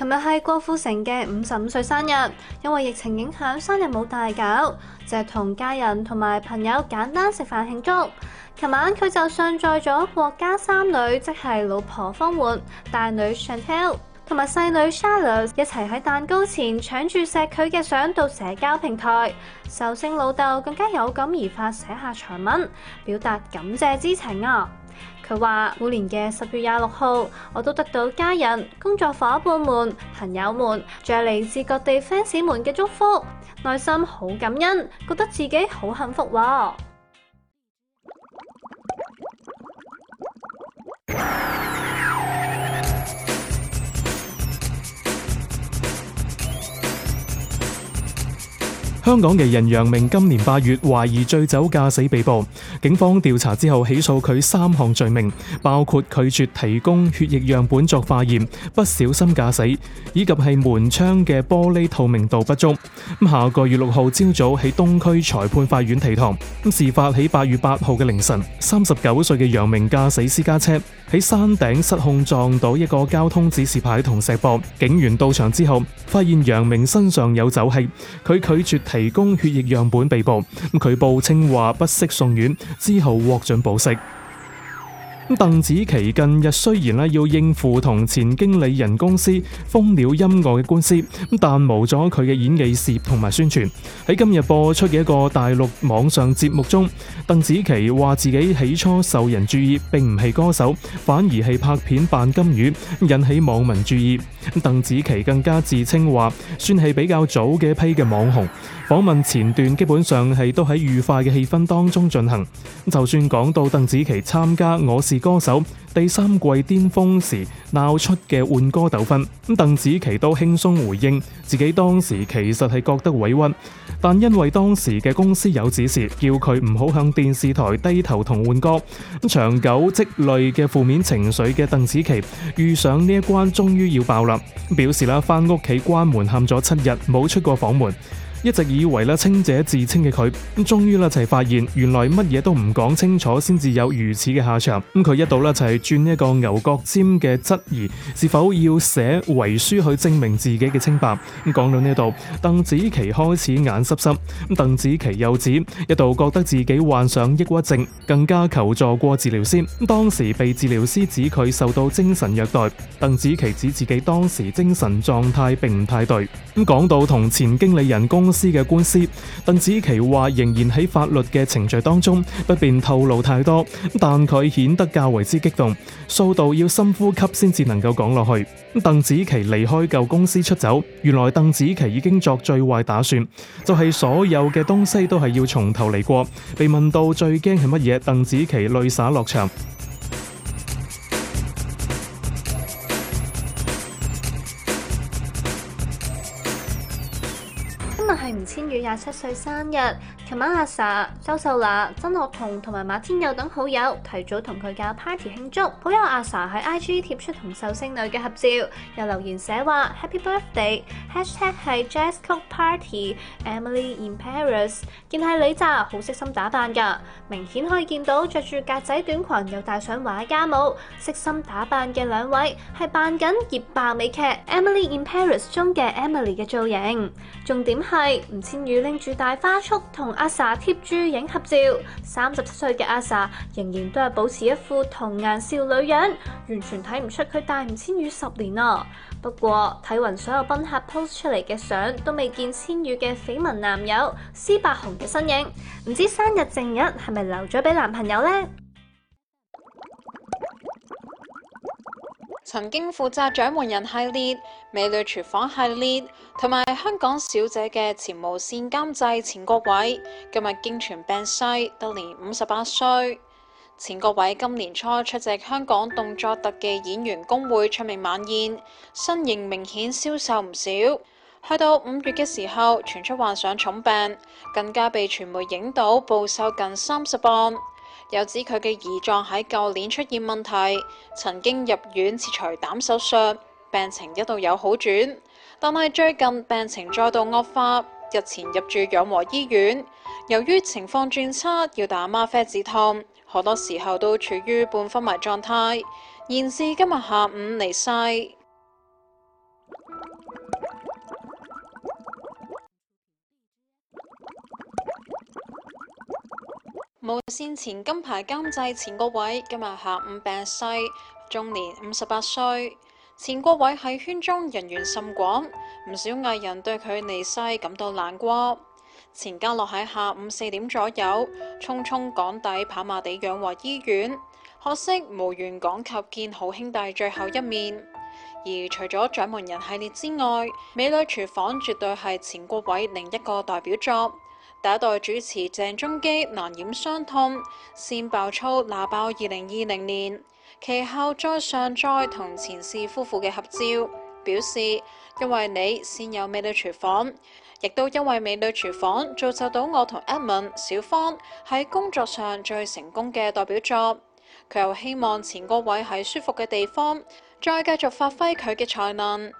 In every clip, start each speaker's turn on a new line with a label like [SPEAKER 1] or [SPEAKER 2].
[SPEAKER 1] 琴日係郭富城嘅五十五歲生日，因為疫情影響，生日冇大搞，就係同家人同埋朋友簡單食飯慶祝。琴晚佢就上載咗郭家三女，即係老婆方媛、大女 Chantelle 同埋細女 Charlotte 一齊喺蛋糕前搶住錫佢嘅相到社交平台，壽星老豆更加有感而發寫下長文，表達感謝之情啊！佢話每年嘅十月廿六號，我都得到家人、工作伙伴們、朋友們，仲有嚟自各地 fans 們嘅祝福，內心好感恩，覺得自己好幸福喎、哦。
[SPEAKER 2] 香港藝人楊明今年八月懷疑醉酒駕駛被捕，警方調查之後起訴佢三項罪名，包括拒絕提供血液樣本作化驗、不小心駕駛以及係門窗嘅玻璃透明度不足。咁下個月六號朝早喺東區裁判法院提堂。咁事發喺八月八號嘅凌晨，三十九歲嘅楊明駕駛私家車喺山頂失控撞到一個交通指示牌同石壆，警員到場之後發現楊明身上有酒氣，佢拒絕提。提供血液樣本被捕，咁佢報稱話不適送院，之後獲准保釋。鄧紫棋近日雖然咧要應付同前經理人公司蜂鳥音樂嘅官司，咁但無咗佢嘅演藝事業同埋宣傳，喺今日播出嘅一個大陸網上節目中，鄧紫棋話自己起初受人注意，並唔係歌手，反而係拍片扮金魚引起網民注意。鄧紫棋更加自稱話，算係比較早嘅一批嘅網紅。訪問前段基本上係都喺愉快嘅氣氛當中進行，就算講到鄧紫棋參加我是歌手第三季巔峰時鬧出嘅換歌糾紛，咁鄧紫棋都輕鬆回應，自己當時其實係覺得委屈，但因為當時嘅公司有指示，叫佢唔好向電視台低頭同換歌。咁長久積累嘅負面情緒嘅鄧紫棋遇上呢一關，終於要爆啦，表示啦翻屋企關門喊咗七日，冇出過房門。一直以為咧清者自清嘅佢，咁終於呢就發現，原來乜嘢都唔講清楚先至有如此嘅下場。咁佢一度呢就係轉一個牛角尖嘅質疑，是否要寫遺書去證明自己嘅清白？咁講到呢度，鄧紫棋開始眼濕濕。咁鄧紫棋又指一度覺得自己患上抑鬱症，更加求助過治療師。咁當時被治療師指佢受到精神虐待，鄧紫棋指自己當時精神狀態並唔太對。咁講到同前經理人公。司嘅官司，鄧紫棋話仍然喺法律嘅程序當中，不便透露太多。但佢顯得較為之激動，數度要深呼吸先至能夠講落去。鄧紫棋離開舊公司出走，原來鄧紫棋已經作最壞打算，就係所有嘅東西都係要從頭嚟過。被問到最驚係乜嘢，鄧紫棋淚灑落場。
[SPEAKER 1] 廿七歲生日，琴晚阿 sa、周秀娜、曾樂彤同埋馬天佑等好友提早同佢搞 party 慶祝，好友阿 sa 喺 IG 貼出同壽星女嘅合照，有留言寫話 Happy Birthday，# 係 Jazz Club Party Emily in Paris，見係女仔好悉心打扮㗎，明顯可以見到着住格仔短裙又戴上畫家帽，悉心打扮嘅兩位係扮緊熱爆美劇 Emily in Paris 中嘅 Emily 嘅造型，重點係吳千語，拎住大花束同阿 sa 貼住影合照，三十七歲嘅阿 sa 仍然都係保持一副童顏少女樣，完全睇唔出佢大唔千羽十年啊！不過睇勻所有賓客 post 出嚟嘅相，都未見千羽嘅緋聞男友施柏宏嘅身影，唔知生日正日係咪留咗俾男朋友呢？
[SPEAKER 3] 曾經負責《獎門人》系列、《美女廚房》系列同埋《香港小姐》嘅前無線監製錢國偉，今日經傳病逝，得年五十八歲。錢國偉今年初出席香港動作特技演員工會出名晚宴，身形明顯消瘦唔少。去到五月嘅時候，傳出患上重病，更加被傳媒影到暴瘦近三十磅。又指佢嘅胰臟喺舊年出現問題，曾經入院切除膽手術，病情一度有好轉，但係最近病情再度惡化，日前入住養和醫院，由於情況轉差，要打嗎啡止痛，好多時候都處於半昏迷狀態，延至今日下午離世。無線前金牌監製錢國偉今日下午病逝，終年五十八歲。錢國偉喺圈中人緣甚廣，唔少藝人對佢離世感到難過。錢嘉樂喺下午四點左右匆匆趕抵跑馬地養和醫院，可惜無緣趕及見好兄弟最後一面。而除咗《獎門人》系列之外，《美女廚房》絕對係錢國偉另一個代表作。第一代主持鄭中基難掩傷痛，先爆粗拿爆二零二零年，其後再上載同前事夫婦嘅合照，表示因為你先有美女廚房，亦都因為美女廚房造就到我同 Edmond 小方喺工作上最成功嘅代表作。佢又希望前嗰位喺舒服嘅地方，再繼續發揮佢嘅才能。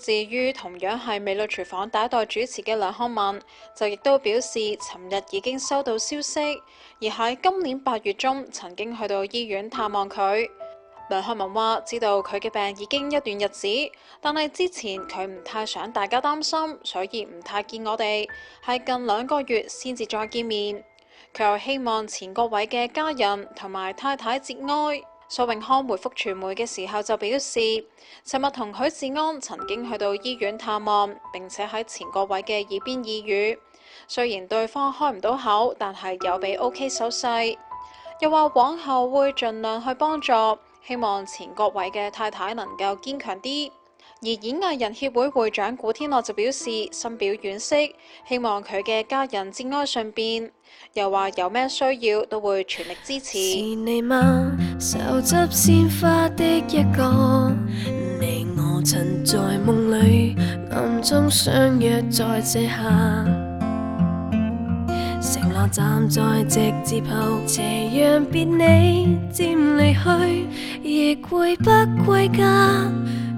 [SPEAKER 3] 至於同樣係《美女廚房》第一代主持嘅梁漢文，就亦都表示，尋日已經收到消息，而喺今年八月中曾經去到醫院探望佢。梁漢文話：知道佢嘅病已經一段日子，但係之前佢唔太想大家擔心，所以唔太見我哋，係近兩個月先至再見面。佢又希望錢國偉嘅家人同埋太太節哀。蘇永康回覆傳媒嘅時候就表示，尋日同許志安曾經去到醫院探望，並且喺錢國偉嘅耳邊耳語，雖然對方開唔到口，但係有俾 OK 手勢，又話往後會盡量去幫助，希望錢國偉嘅太太能夠堅強啲。而演藝人協會會長古天樂就表示深表惋惜，希望佢嘅家人節哀順變，又話有咩需要都會全力支持。 是你嗎，手執鮮花的一個。你我曾在夢
[SPEAKER 4] 裡暗中相約在這下承諾站在直後斜讓別你漸離去，歸不歸家。」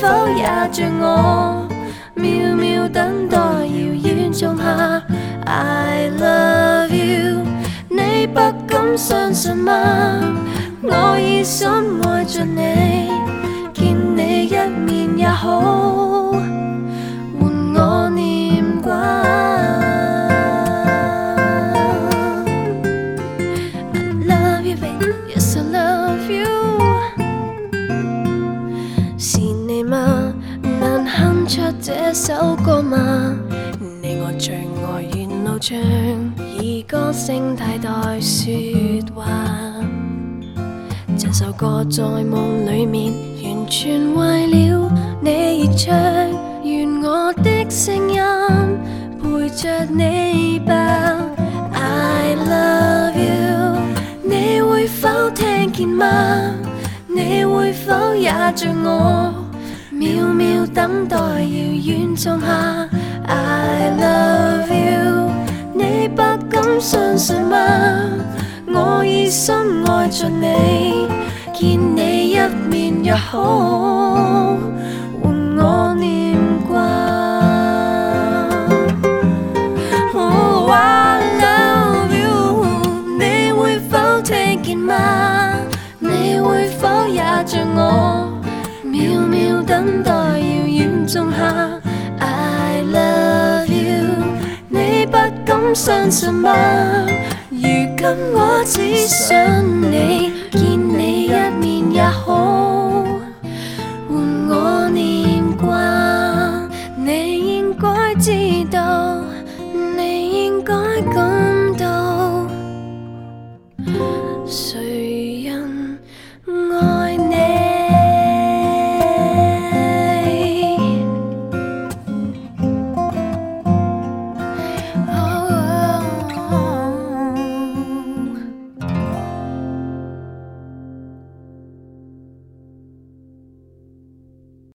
[SPEAKER 4] 否也像我，渺渺等待遙遠仲夏。I love you，你不敢相信嗎？我以心愛着你，見你一面也好。歌聲替代說話，這首歌在夢裏面，完全為了你而唱。願我的聲音陪着你吧。I love you，你會否聽見嗎？你會否也像我，秒秒等待遙遠仲夏？I love you。你不敢相信嗎？我已深愛着你，見你一面也好。相信嗎？如今我只想你，見你一面也好。